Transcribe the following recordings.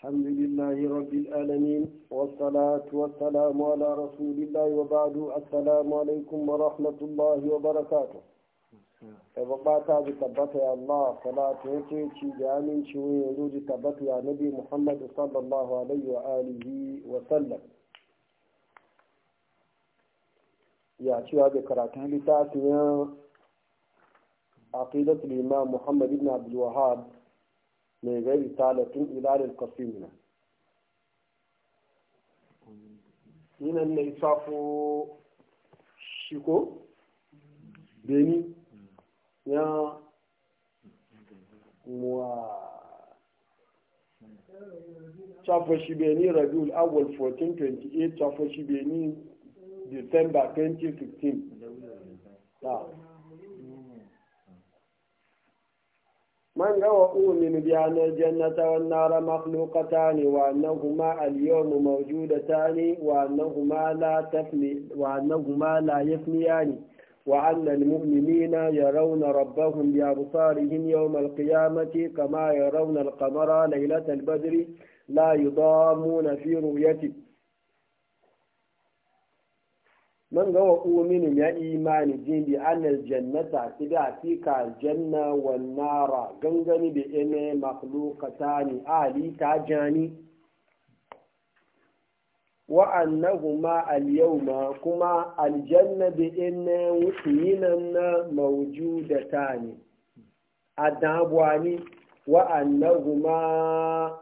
الحمد لله رب العالمين والصلاة والسلام على رسول الله وبعد السلام عليكم ورحمة الله وبركاته tabbata Allah salatu yake ci da aminci wani yanzu ji tabbata ya nabi Muhammad sallallahu alaihi wa da karatun littafin aqidatul mai gari talatun ilalin kasimina yinan na isafo ko beni ya wa chafo shi beni rabiul awal 1428 chafo shi beni december 2016 من هو أؤمن بأن الجنة والنار مخلوقتان وأنهما اليوم موجودتان وأنهما لا تفني وأنهما لا يفنيان وأن المؤمنين يرون ربهم بأبصارهم يوم القيامة كما يرون القمر ليلة البدر لا يضامون في رؤيته man ga wa uminu ya imani jin bi annal jannata tida fika janna wan nara gangani bi ene makhluqatani ali tajani wa annahuma al yawma kuma al janna bi ene wutinan mawjudatani adabwani wa annahuma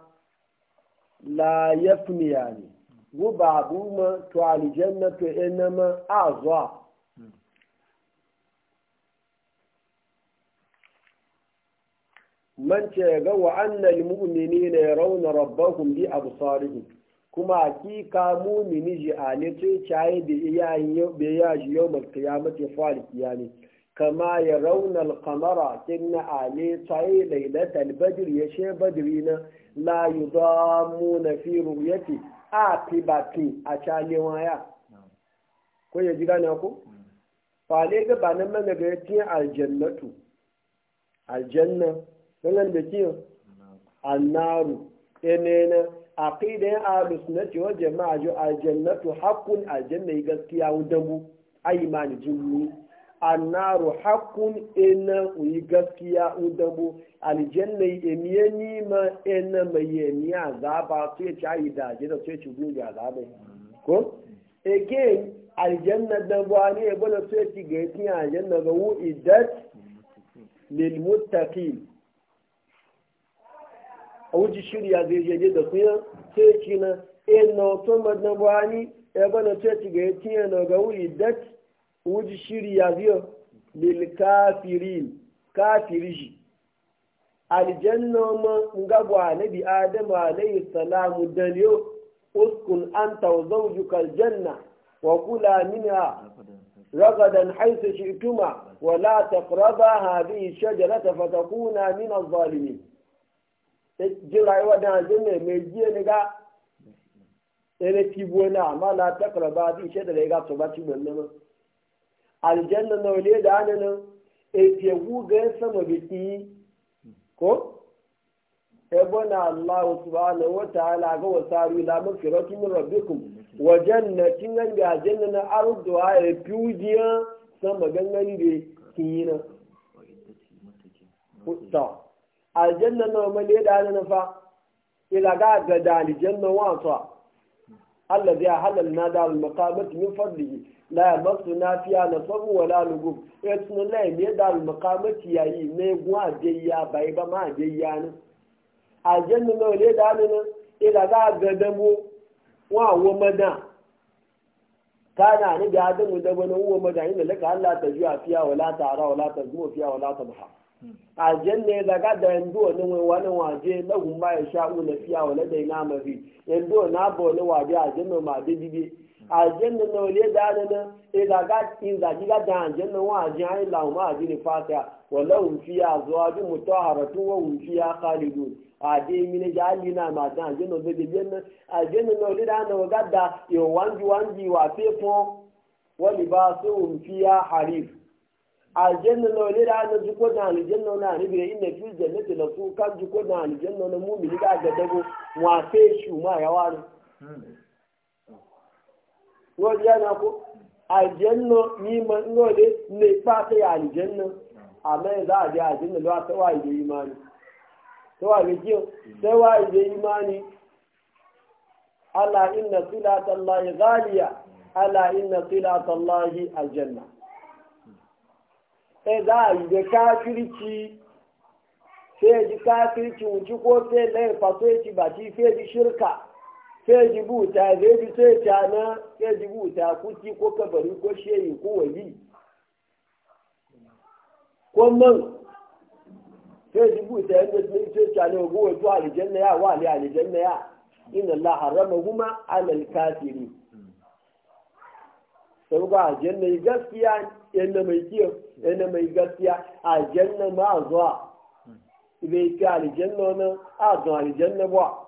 la yafniyani guba abu ma to alijanna to enama azwa man ce ga wa annal mu'minina yarawna rabbahum bi absarihim kuma hakika mu'mini ji ale ce chaye da iyayen be ya ji yau mal qiyamati fa'al qiyami kama yarawna al qamara kinna ale chaye lailatal badr ya she badrina la yudamuna fi ru'yati a pi ba pi, a calewa ya ko ya ji gane ku fale ga ba nan mana ga yakin aljannatu aljanna wannan da kiyo annaru enena aqidan ahlus sunnati wal jamaa ju aljannatu haqqun aljanna gaskiya wudabu ayman jinni annaru hakun ina uyi gaskiya udabu aljanna emiye nima ina mai yemi azaba su ya cayi da je da su ya ci gudu azaba ko again aljanna da wani ya gwada su ya ci ga yi aljanna ga wu idat lil muttaqin wuji shirya zai je da kuya ya ce ci na ina to madan wani ya gwada su ya ci ga yi na ga wu idat wuji shiri ya biyo lil kafirin kafirji aljanna ma ngabu anabi adam alayhi salam dalyo uskun anta wa zawjuka aljanna wa kula minha ragadan haythu ituma wa la taqraba hadhihi shajarata fatakuna min adh-dhalimin e, ji rayuwa da zai mai ji ne ga ene tibuwa na amma la taqraba hadhihi shajarata fatakuna min adh-dhalimin aljanna na wale da ana nan efiyagu ga sama biki ko ebona Allah subhanahu wa ta'ala ga wasaru ila mafirati min rabbikum wa jannatin nan ga janna na ardu a e fiujiya sama gangan da kiyina ta aljanna na male da ana fa ila ga ga da aljanna wa ta allazi halal na da al maqamati min fadlihi la masu nafiya na sabu wala lugu e tun la me da al maqamati yi me gwa de ya bai ba ma de ya ne a jannu no le da ne e da ga gadan mu wa wo madan kana ni da adamu da wani wo madan inda laka Allah ta jiya fiya wala ta ara wala ta zuwa fiya wala ta buha a janna ya zaga da yanzu wani wani waje na gumba ya sha'u na fiya wala da ina mafi yanzu na ba wani waje a janna ma da aljanna na ole da adana e da ga in da ga da aljanna wa ajin ai lahu ma ajin fatiha wallahu fiya zuwaju mutahharatu wa hum fiya khalidun a de min jali na ma da aljanna da de janna aljanna na ole da adana ga da yo wanji wanji wa ba wa libasuhum fiya harif aljanna na ole da adana juko da aljanna na ribe inna fil jannati la su kan juko da aljanna na mu mu'mini ga ga dago wa fe shuma yawani ko ne wọ́n jẹ́ náà kó àjẹ́nà mímọ ńlọ́dẹ lè pàṣẹ àjẹ́nà àmẹ́ẹ̀dá àjẹ́ àjẹ́nà lọ́wọ́ tẹ́wà ìdè ìmáni tẹ́wà ìdè tẹ́wà ìdè ìmáni ala inna silatallahi ghaliya ala inna silatallahi aljanna Sai za a yi da kafirci sai ji kafirci wuce ko sai lai fasoci ba ci sai ji shirka sai ji buta zai ji sai cana sai ji buta kuci ko kabari ko shehi ko wali ko man sai ji buta yadda sai sai cana ko wali aljanna ya wali aljanna ya inna Allah harama huma alal kafiri sau ga aljanna gaskiya yadda mai kiyo yadda mai gaskiya aljanna ma zuwa ibe ki aljanna wani a zuwa aljanna ba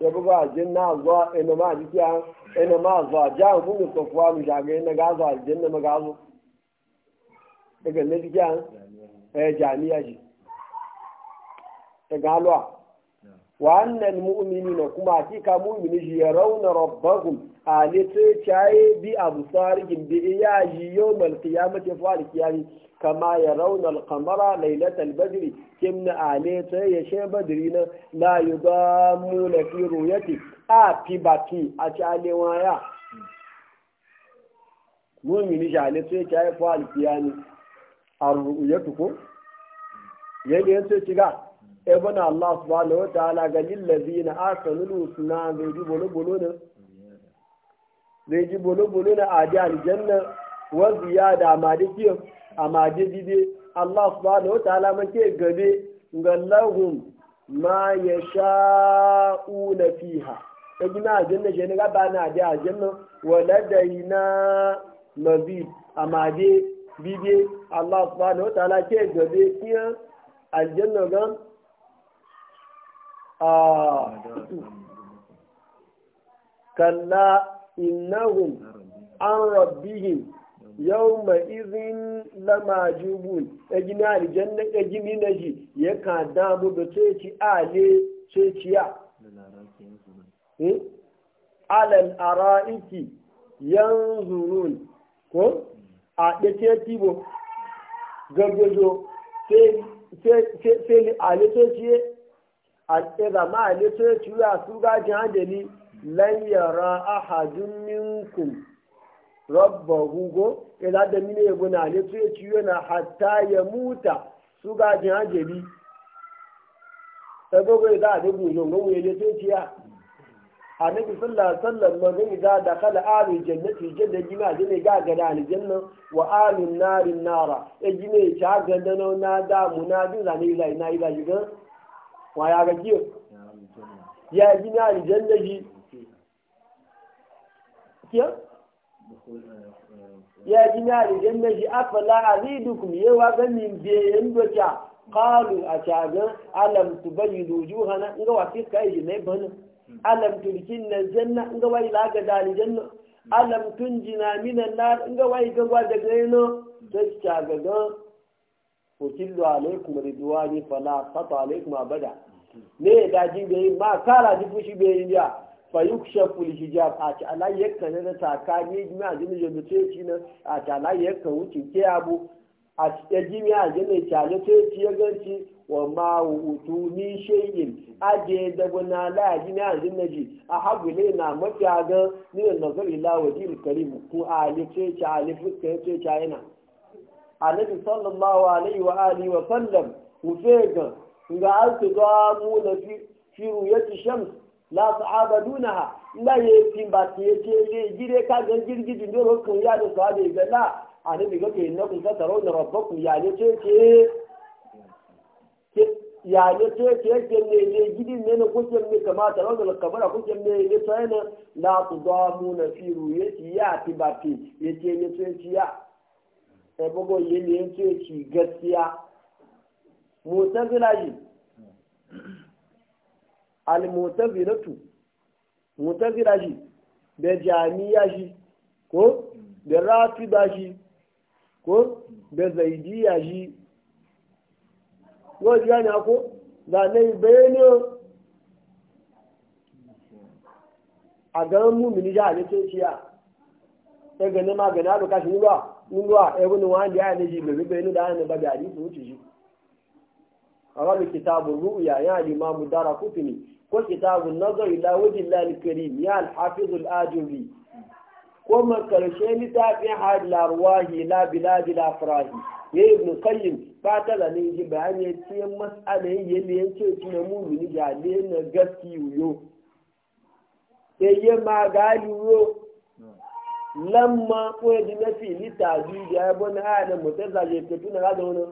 ya buga aljanna zuwa ina ma jikiya ina ma zuwa ja mu ne ko kuwa mu jaga ina ga zuwa aljanna ma ga zo daga ne jikiya eh jami'a ji daga alwa wa annal mu'minina kuma hakika mu'mini shi yarawna rabbahum a ne sai bi a musarikin bi iya yi yau malki ya mace fari kiyami kama ya rauna alkamara lailatul badri kim na a ne sai ya she badri na la yi ga muna fi ruyati a fi baki a ci alewa ya mumini shi ale ne sai caye fari kiyami a ruyatu ko yadda ya sai shiga na allah subhanahu wa ta'ala ga lillazina asanul suna zai ji bolo bolo ne zai ji bolo-bolo na adi aljanna wanzu ya da amadi kiyo amadi dide Allah ba da wata alamake gabe ga lahum ma ya sha'u na fiha ta gina aljanna shi ne gaba na adi aljanna da yi na mazid amadi dide Allah ba da wata alamake gabe kiyo aljanna gan kalla innahum an rabbihim yawma izin lama jubun ya gini aljanna ya gini na ji ya ka damu da ceci ale ceciya alal ara'iki yanzurun ko a ɗace tibo gargajo sai ale ceciye a ɗaza ma ale ceciya su gajin handali lan yara ahadun minkum rabbahu go ila e da mine yabo na ne su ya e ciyo na hatta ya muta su ga jin ajebi ta e gogo ila da gugu yau ga wuye to ciya annabi sallallahu alaihi za man idza dakhala alu jannati janna gina jine ga gada ni janna wa alu narin nara e gine ta ganda no na da munadin zane ila na ila jiga wa ya ga kiyo ya gina aljanna ji kiyar ya ji na rigen na shi afala a zidukum yawa ganin biyayen doka kalu a shagan alam tu bayi doju hana inga wasu ka yi na bana alam turkin na janna inga ga laga dali janna alam tun jina minan na in ga wai gagwa daga yana ta shagagan wakillu alaikum ne fala fata alaikum abada ne da jin bai ma kara ji fushi bai ya fayukshafu hijab a ci alayyar ka na taka ne jimi a jini jami tsoci na a ci alayyar ka wuce ke abu a ya jimi a jini cale tsoci ya ganci wa ma wutu ni shayin aje da guna la jini a jini ji a hagu ne na mafi aga ni da nazar ila wa jini karim ko a ali a ali fuska ya tsoci yana annabi sallallahu alaihi wa alihi wa sallam wufe ga ga an su ga mu na firu ya ci shams la sahaba dunaha la ye timba tiye tiye ye jire ka ga jirgi din doro kun ya da sahabe ga la ani bi ga ke na kun ta na rabbakum ya ne ce ce ya ne ce ce ke ne ye jidin ne na kuke ne kamata rauna kabara kuke ne ne sai na la na fi ruyati ya timba ti ye ce ne ce ce ya e bogo ye ne ce ci gaskiya mutazila yi almutazilatu mutazila shi da jami'a shi ko da rafida shi ko da zaidiya shi wọ́n gani ako zane bayani a ganin mumini ya ne ce ciya ya gani ma gani a lokaci nuna nuna ya wani wani ya ne ji bebe bayani da hannun ba gari su wuce shi a rabin kitabun ru'uya ya yi limamu dara kufini ko kitabu nazar ila wajen lalikari ya alhafizu al'ajuri ko makarshe littafin hajji larwahi la biladi la firahi ya yi ibn kayyim ba ta da ninji bayan ya ce matsala yin yadda ya ce tuna mummi ni gale na gaski wuyo ya yi ma gali wuyo lamma ko ya ji na fi littafi da ya bani hada mutum zaje ke tuna hada wani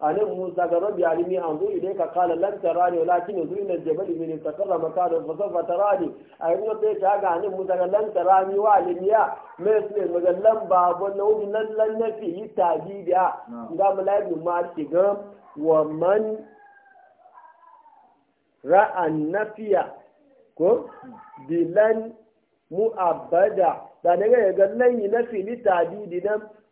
anan musa ga rabbi alimi an zo idai ka kala lan tarani walakin yanzu ina jabal min istaqarra makana fa sawfa tarani ayi mun sai ta ga anan musa ga lan tarani wa alimiya mai sai maga lan babo na wani lan lan nafi yi da ga malaikun ma shiga wa man ra'an nafiya ko bilan mu abada. da ne ga lan yi nafi ni tabidi nan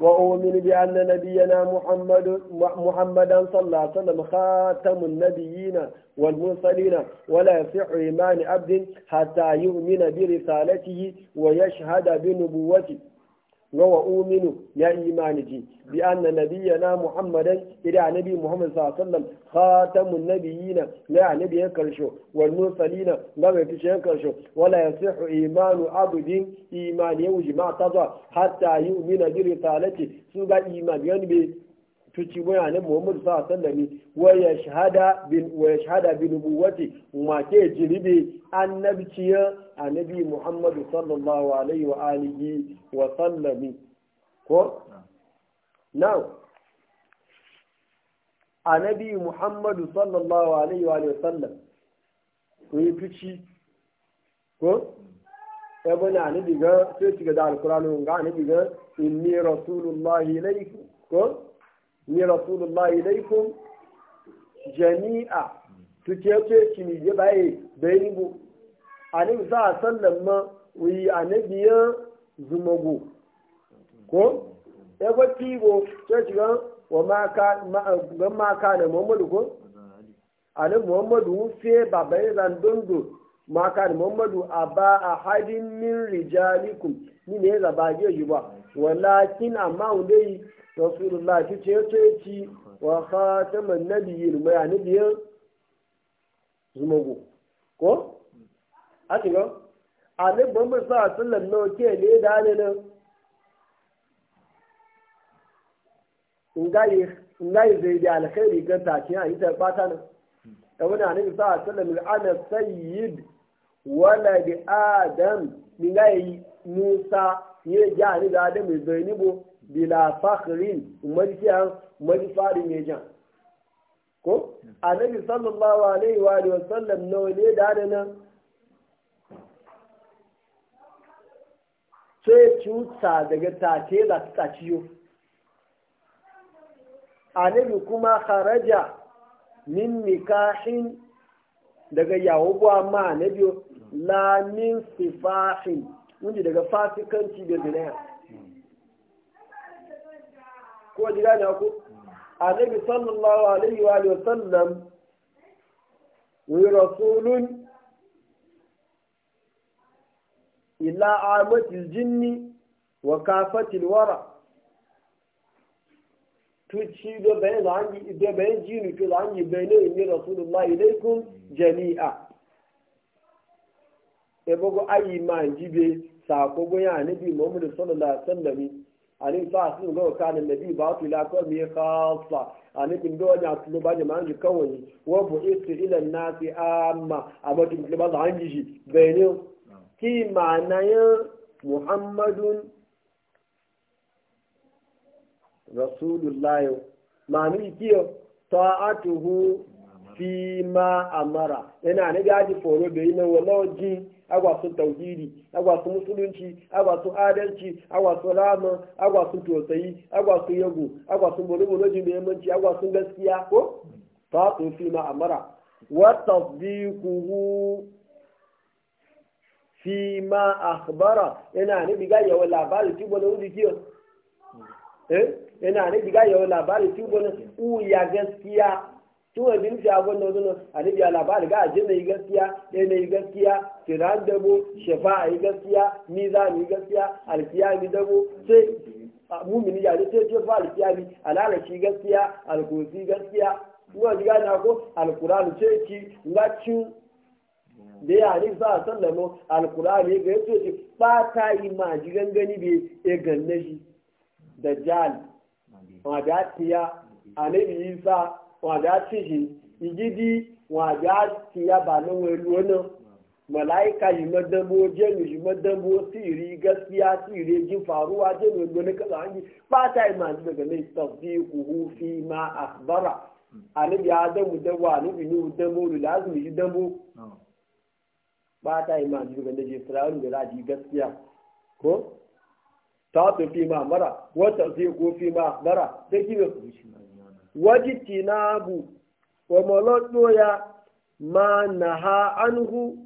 وأؤمن بأن نبينا محمد محمدا صلى الله عليه وسلم خاتم النبيين والمرسلين ولا يصح إيمان عبد حتى يؤمن برسالته ويشهد بنبوته wa uminu ya imani ji bi anna na muhammadan ila nabi muhammad sallallahu alaihi wasallam khatamun nabiyina la nabiyan karsho wal mursalina la mai tushen karsho wala yasihu imanu abdin imani yawji ma taza hatta yu'mina bi risalati su ga imani yani be tuci waya ne Muhammad sallallahu alaihi wasallam wa yashhada bin wa yashhada bi nubuwati ma ke jiribe annabciya annabi Muhammad sallallahu alaihi wa alihi wa sallami ko now annabi Muhammad sallallahu alaihi wa alihi wa sallam ko yi tuci ko ebe na annabi ga sai shiga da alkurani ga annabi ga inni rasulullahi ilaikum ko ni rasulullah ilaikum jami'a tuke ce ki ni je baye bayin bu alim za sallan ma wi anabiya zumago ko e ba tibo ce ci ga wa ma ka ma ma ka da muhammadu ko alim muhammadu fe babai zan dondo ma ka da muhammadu aba ahadin min rijalikum ni ne ba ge yi ba walakin amma dai rasulullah ki ce ce ci wa khataman nabiyyin mai anabiyan zumago ko a ci ga anabban mu sa sallan nawa ke ne da ne nan ngai yi zai da alkhairi ga ta ci a ita nan da wani anabi sa sallan ana sayyid wala adam ni yi musa ye da adam zai ni bo bila fakhrin umarciya umarci fari jan ko annabi sallallahu alaihi wa alihi sallam na wale da da nan ce cuta daga take za ta taciyo annabi kuma kharaja min nikahin daga yahubuwa ma annabi la min sifahin wanda daga fasikanci da zinaya ko ji gane ku annabi sallallahu alaihi wa alihi wi rasulun ila amati jinni wa wara, alwara tuci do bayan zangi do bayan jini to zangi bayan ne rasulullahi ilaikum jami'a ebogo ayi ma jibe sako goya muhammad sallallahu alaihi anin sa sun ga ka da nabi ba tu la ko mi khassa anin kin do nya tu ba jama'an ji kawai wa bu istu ila nasi amma amma kin ba da hanji shi bayani ki ma'ana ya muhammadun rasulullahi ma'ani ta atuhu fi fi ma amara yana ne ji foro bai na walawaji agwasu tauhidi agwasu musulunci agwasu adalci agwasu rama agwasu tosayi agwasu yago agwasu boloboloji mai yamanci agwasu gaskiya ko ta fi ma amara wa tasdiquhu fi ma akhbara yana ne diga yawa labari ti bono dikiyo eh yana ne diga yawa labari ti bono u ya gaskiya tun wani bin fiya abin da wani nan a labari ga ajiye na yi gaskiya ɗaya na yi gaskiya firan dabo shafa a yi gaskiya miza yi gaskiya alkiyami dabo sai mumini ya ce ce fa alkiyami alalashi gaskiya alkosi gaskiya tun wani gani ko alkurani ce ci lacin da ya ne za a sallamo alkurani ga ya ce ba ta yi ma ji gangani bai ya ganna shi da jali ma da tiya a yi isa wọn tí tìjì ìjídí wọn àgbà tìyàbà níwọn èlú ọ̀nà mọ̀láìka yìí mọ́dánbó jẹ́nu yìí mọ́dánbó sí ìrí gẹ́síá sí ìrí ejì faruwa jẹ́nu yìí pátá ìmọ̀ àti bẹ̀rẹ̀ ní kùhù fi máa àkùbárà àníbi àdánwò dánwò àníbi ní dánwò yìí dánwò pátá ìmọ̀ àti gẹ́síá ko fi ma mara fi ma wajiti na abu wa ya ma na ha anhu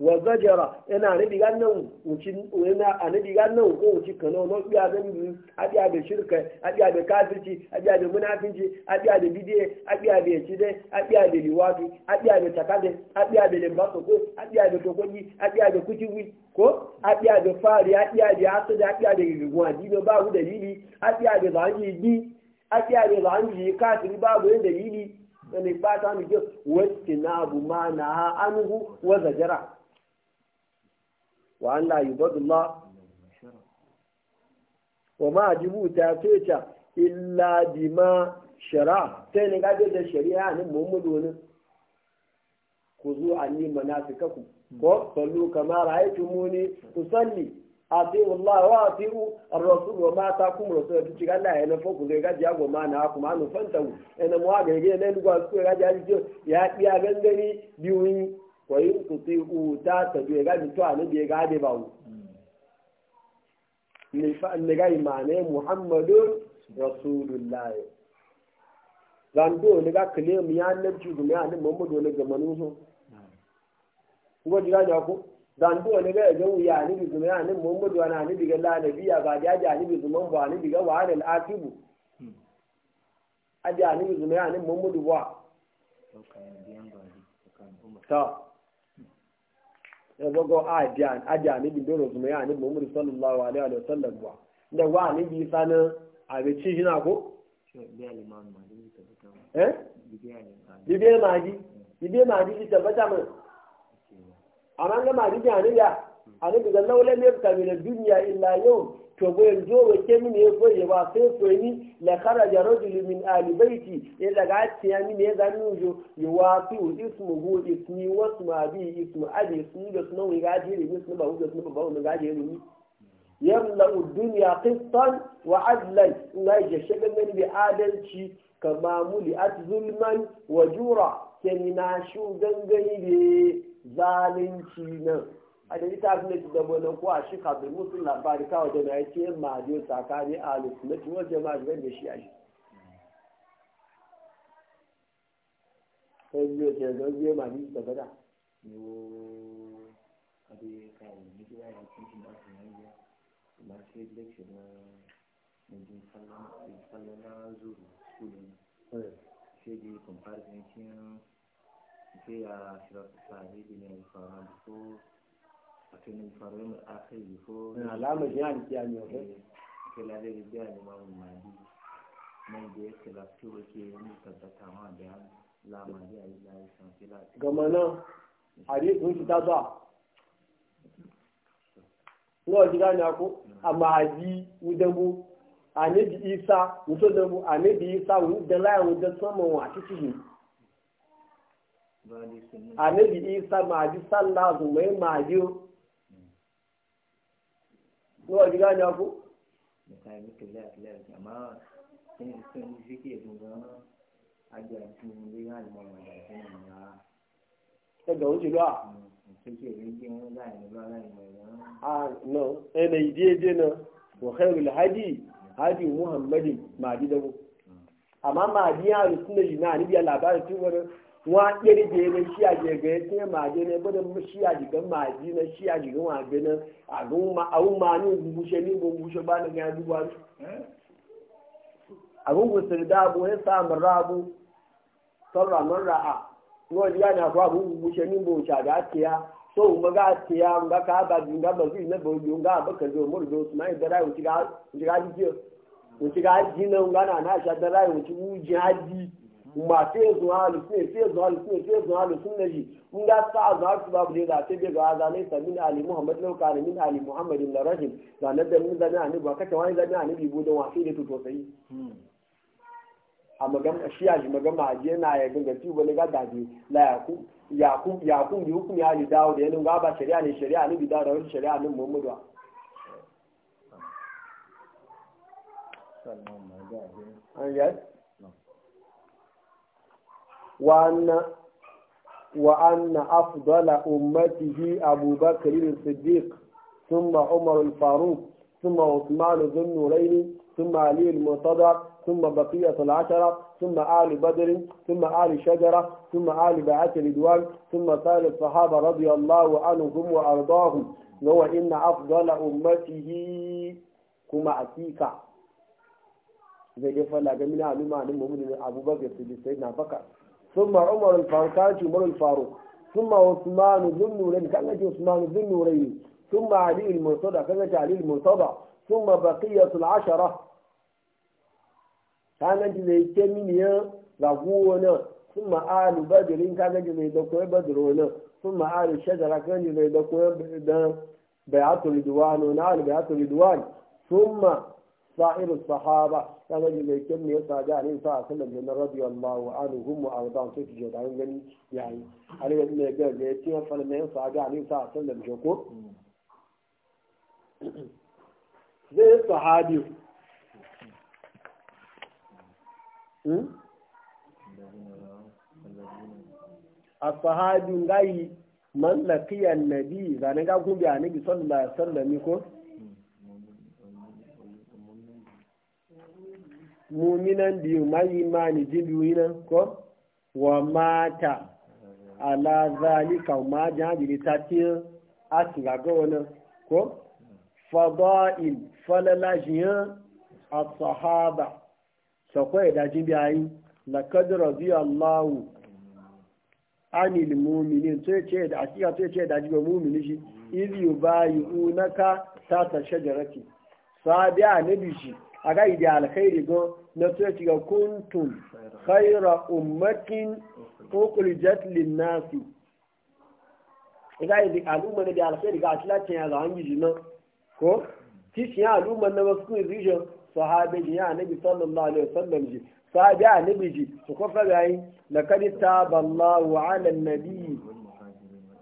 wa zajara ina anabi gannan uci ina anabi gannan ko uci kana no biya da mi abiya da shirka abiya da kafirci abiya da munafinci abiya da bidiye abiya da yacide abiya da liwafi abiya da takade abiya da lembaso ko abiya da tokoji abiya da kuciwi ko abiya da fari abiya da asada da bi ake a yanzu an ji kafiri babu yin dalili da mai bata mu kyau wacce na abu ma na anhu wa zajara wa an la wa ma jibu ta illa ma shara sai ne gabe da shari'a ne muhammadu ne ku zo an yi manasikaku ko sallu kamar ku salli atiu Allah wa atiu ar-rasul wa ma atakum rasul ti ga la ene ga jago ma na ku ma no fanta wu ene mo ga ge le lu ga ga ja ji ya ya ga ngani biwi ko yin ku ti u ta ta bi ga ni to ani bi ga de ba wu ni fa ne ga imane muhammadun rasulullah ya ne ju mi ya ne muhammadu ne ga manuso ko ga zandu wani ga ga wuya ni bi zuma ni muhammadu wani ni bi ga la nabiya ba da ja ni bi zuma ba ni bi ga wa al atibu hmm. aja ni bi zuma ni muhammadu ba ta ya zago aja aja ni bi doro zuma ni muhammadu sallallahu alaihi wa sallam ba da wa ni bi sanin abe ci hina ko eh bibiya maji bibiya maji tabbata mun amma ga ma rija ne ya ani daga laula ne ka mina duniya illa yau to go yanzu wa ke mini ya koyi ba sai so ni la kharaja rajul min ali baiti ya daga tiya mini ya ya jo yuwati ismu hu ismi wasma abi ismu abi ismi da sunan ga jiri ne sunan ba hu da sunan ba hu ga jiri ne yamla duniya qistan wa adlan ina je shagan bi adalci kama muli at zulman wa jura kenina shu gangani be zalunci nan a da ita suna ci da bane ko a shi kafin musu labari kawai da na yi ma je tsakani a lusunci wajen ma shigar da shi a shi sai biyo ce zan biyo ma ni da bada eh. Sai dai comparison فيها حراسة صاحبي من الفرد فوق لكن الفرد من الأخير فوق لا مجال جاني كلا ذي جاني ما هو مادي من جه كلا كل شيء متبتة ما بيان لا مادي إلا إنسان كلا جمانا حديث من كتابة Nwa ji gane ku, a mahaji wudangu, a nabi isa, wuto dangu, a nabi isa, wudan layan wudan saman wa cikin anabi isa maji sallah zumai maji ní ọjọ́ gánà kú. nípa ẹni tó lọ a ìdí náà muhammadin hmm. àrùn yìí náà níbi tí wa ɗiri da yana shi a jirga ya sai maje bada shi a maji na shi a jirga waje nan a gun ma ni gugushe ni gugushe ba na gaya duba a gun gusur da abu ya samu rabu sarra man ra'a yana kwa gun gugushe ni gugushe da ake ya so ga ake ya nga ka ba bi nga ba na ba yi nga ba ka zo su na dara ga ji ga na na dara ma fe zuwa alusun fe zuwa alusun fe zuwa alusun na ji in ga sa za su babu ne za ta bi ga za ne samin ali muhammad lau ka min ali muhammad ibn rajim za na da min zani ani ba kace wani zani ani bi budan wasi da to sai hmm. a magana shi ya ji magana a je na ya ganga ci wani ga daji la ya ku ya ku ya ku bi hukumi ali dawo da yanin ga ba shari'a ne shari'a ne bi dawo da wani shari'a ne muhammadu Yes. wa anna afdala ummatihi Abu Bakr al-Siddiq thumma Umar al-Faruq thumma Uthman ibn Affan thumma Ali al-Murtada thumma baqiyat al-'ashara Ali Badr thumma Ali Shajara thumma Ali Ba'at al-Idwan thumma Sa'id al-Sahaba radiyallahu anhum wa ardaahum wa huwa inna afdala ummatihi kuma atika zai da fa'ala ga mina Ali ma'anin Muhammad ibn Abu Bakr Siddiq na faka ثم عمر الفاروق عمر الفاروق ثم عثمان ذو النورين كان عثمان ذو النورين ثم علي المرتضى كان علي المرتضى ثم بقية العشرة كان زي كمينيا لغونا ثم آل بدر كان جزي دكوي بدرونا ثم آل الشجرة كان زي دكوي بيعة الرضوان ونال بيعة الرضوان ثم sahiru sahaba ya zai mai kyan mai yasa ga alin sa sun lalje na rabi allahu anu hun mu arba su fi da yin gani yayi alin yadda mai gani mai cin hafa mai yasa ga alin sa sun da ko zai yasa hadi a sahabi ngai man laqiya annabi zanin ga kun bi annabi sallallahu alaihi wasallam ko muminan biyu mai imani ji biyu nan ko wa mata ala zalika ma jahili ta tiyan asila ga wani ko fada'il falalajiyan as-sahaba sakwai da ji biyayi laqad radiyallahu anil mu'minin sai ce da asiya sai ce da ji ga mu'mini shi iz yubayunaka ta ta shajarati sabiya nabi shi aga idi alkhairi go na tuya ciga kuntum khaira ummatin uqlijat lin-nas iga idi al'umma ne da alkhairi ga atla tin ala hangi jina ko ti ya aluma na wasu ku rijo sahabe ji ya nabi sallallahu alaihi wasallam ji sahabe nabi ji su kofa gayi laqad taballahu ala nabi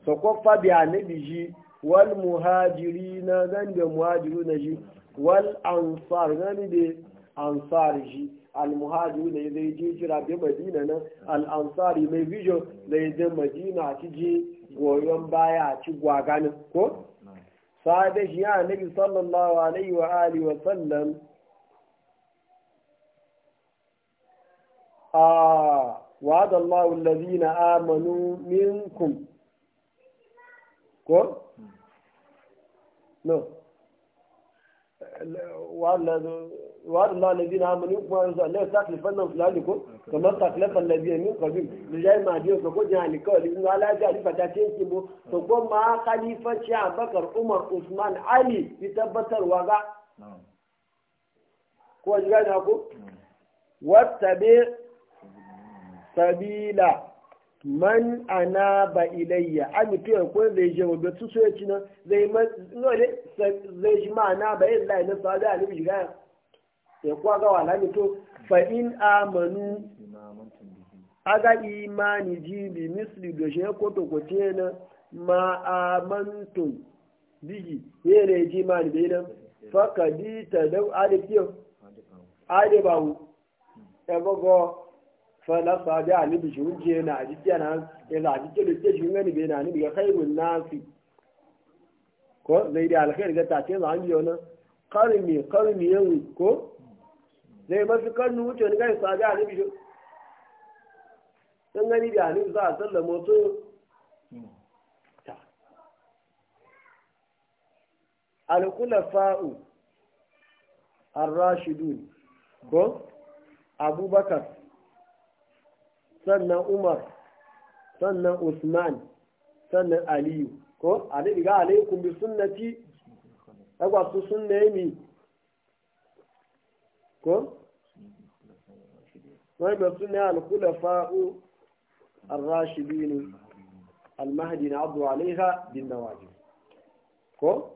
to su fa bi nabi ji wal muhajirina dan da muhajiruna ji wal ansar gani da ansar shi almuhajiru ne zai je jira bi madina nan al'ansari mai bijo da ya je madina ci je goyon baya a ci gwaganin ko sada shi ya annabi sallallahu alaihi wa alihi wa sallam a وعد الله الذين آمنوا منكم ko no wa'adun la na amini kuma yanzu allah ya sakle fannan fulani ko kamar sakle fallabi ya min kwabi da jai ma biyu ko kojin halikawa da yanzu ala jari ce yake bo ko ma khalifaci abakar umar usman ali fi tabbatarwa ga ko man ana ba ilayya an yi fiye ko zai je wa betu so yaci nan zai man nole zai ji ma'ana ba yin lai na sada alibi shiga ya kuwa ga wala ni to fa in amanu aga imani ji bi misli da shi ya koto ko tiye na ma amantum biji ye ne ji imani da idan fakadi ta dau alibi adibawu ebogo fala sabi ani bi shun je na ji kana ya za ji kele ce shun gani be na ni ga khairun nasi ko zai da alkhair ga ta ce za an biyo na karmi karmi ko zai mafi karnu wuce ni ga sabi ani bi shun dan gani da ani za a sallama to alkulafa'u ar-rashidun ko abubakar sannan umar sannan usman sannan aliyu ko alaihi ga alaikum bi sunnati agwa su sunna mi ko Wani ba sunna al khulafa'u ne, rashidin al-mahdi na'du alaiha bin nawajib ko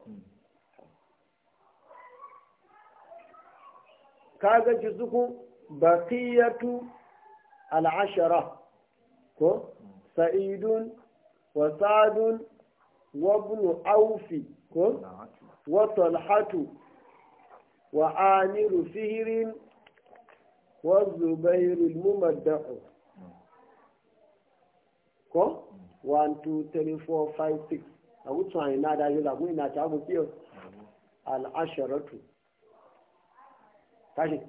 Ka ci suku baqiyatu al'ashara ko sa'idun wa sa'adun wa bunu aufi ko wa talhatu wa amiru fihirin wa zubairu mumaddahu ko 1 2 3 4 5 6 a wucin hanyar na daji zagun ina ta abu kiyo al'asharatu tashi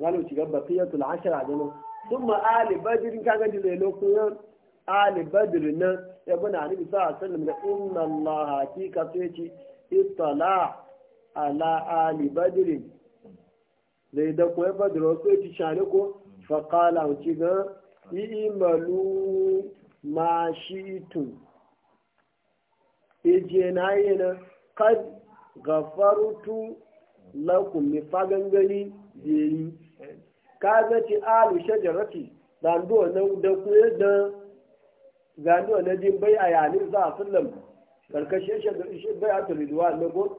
wani ci gaba fiye tul'ashara jinin summa ma ka badirin kaga da zai lokacin ali badirin na ya guna a nufi sa'a sallam da inna allah hakika su ya ala ali badirin zai da kuwa badir wasu ya ci share ko faƙala wuce ga yi ma shi tun ije na yi na kad gafarutu lakum mi fagangani da yi kaza ci alu shajarati zando na da kuye da zando na jin bai a yanin za a sallam karkashin shi bai a turiduwa na go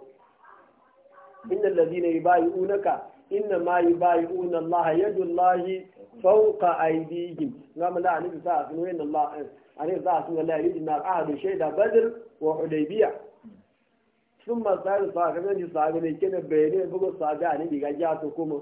inna lazina yi bayi unaka inna ma yi bayi unan allaha yadu allahi fauka aidihim ga mala a nufi eh, sa a sunu yin allah a nufi sa a sunu allah yi na ahadu shaida badr wa hudaybiya sun masu sa a kasance sa ga ne kene bayanai bugu sa ga ne ga ja su kuma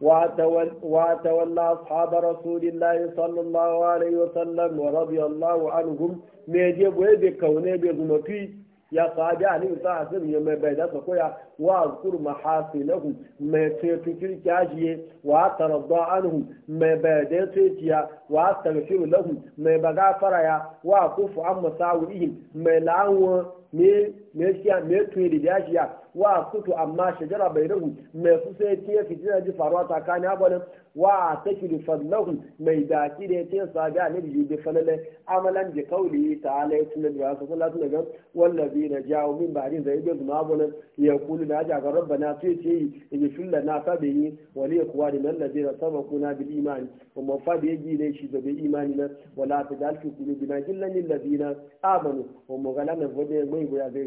وتولى أصحاب رسول الله صلى الله عليه وسلم ورضي الله عنهم ميجيب ويبك ونبي ya sahabi a nufin sa hasim ya mai bai dasa koya wa azkur mahasinahum mai ceto kirkiyajiye wa taradda anhu mai bai da ceciya wa tarfiru lahum mai bagafara ya wa kufu an masawihim mai la'anwa ne me kiya me tuye da jashiya wa kutu amma shajara bai rahu Mai su sai tiye fitina ji faruwa tsakanin abana wa takidu fadlahu mai daki da ya yace sabi annabi ji bi falale amalan bi ta ala ya tunna da wasu sallatu daga wanda wallazi na jawo min ba ba'din zai bi na abana ya kulu na ja ga su sai ce yi shulla na yi wani ya kuwa da nan ladina sabaquna bil imani wa man fabi yaji ne shi da bi imani na wala tajal fi qulubina illa lil ladina amanu wa mughalanan fadi mai goya zai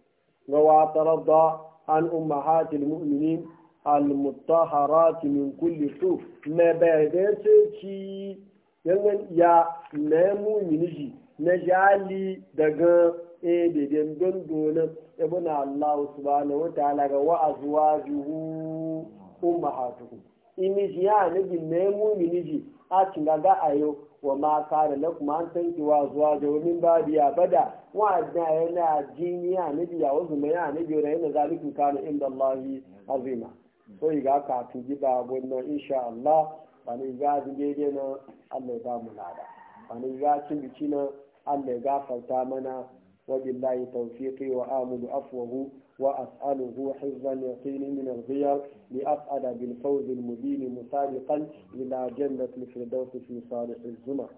وترضى عن أمهات المؤمنين المطهرات من كل سوء ما بعدت شيء yanzu ya na mumini ji na jali daga ɗaiɗaiɗin dandonin ibn Allah subhanahu wa ta'ala ga wa'azuwa juhu ummahatuhu ini ji ya nabi na mumini ji a cin gaga ayo wa ma na kuma an tanki wa zuwa da min babi ya bada wa da yana jini ya nabi ya zuma mai ya nabi da yana zalikin kana inda Allahi azima so yi ga ka tu gida wannan insha Allah ba a ga daidai na Allah ya mu lada ba ne ga cin biki na Allah ya gafarta mana wa billahi tawfiqi wa amulu afwahu وأسأله حفظ اليقين من الغير لأسأل بالفوز المبين مسابقا إلى جنة الفردوس في صالح الزمر